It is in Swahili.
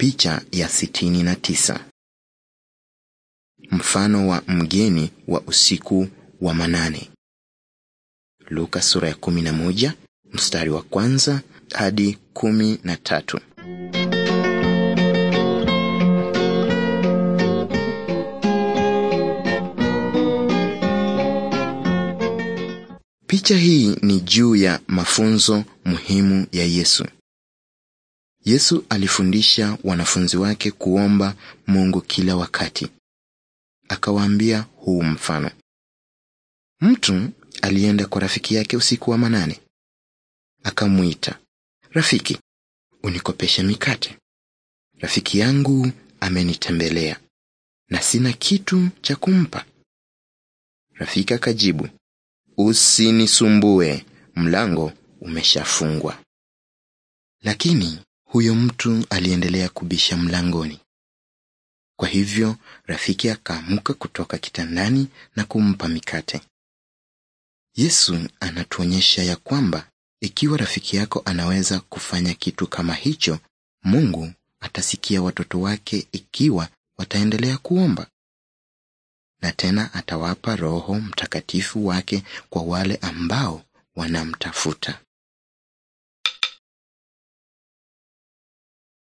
Picha ya sitini na tisa. Mfano wa mgeni wa usiku wa manane. Luka sura ya kumi na moja mstari wa kwanza hadi kumi na tatu. Picha hii ni juu ya mafunzo muhimu ya Yesu. Yesu alifundisha wanafunzi wake kuomba Mungu kila wakati. Akawaambia huu mfano: mtu alienda kwa rafiki yake usiku wa manane, akamwita, rafiki, unikopeshe mikate, rafiki yangu amenitembelea na sina kitu cha kumpa. Rafiki akajibu, usinisumbue, mlango umeshafungwa. Lakini huyo mtu aliendelea kubisha mlangoni. Kwa hivyo rafiki akaamka kutoka kitandani na kumpa mikate. Yesu anatuonyesha ya kwamba ikiwa rafiki yako anaweza kufanya kitu kama hicho, Mungu atasikia watoto wake ikiwa wataendelea kuomba. Na tena atawapa Roho Mtakatifu wake kwa wale ambao wanamtafuta.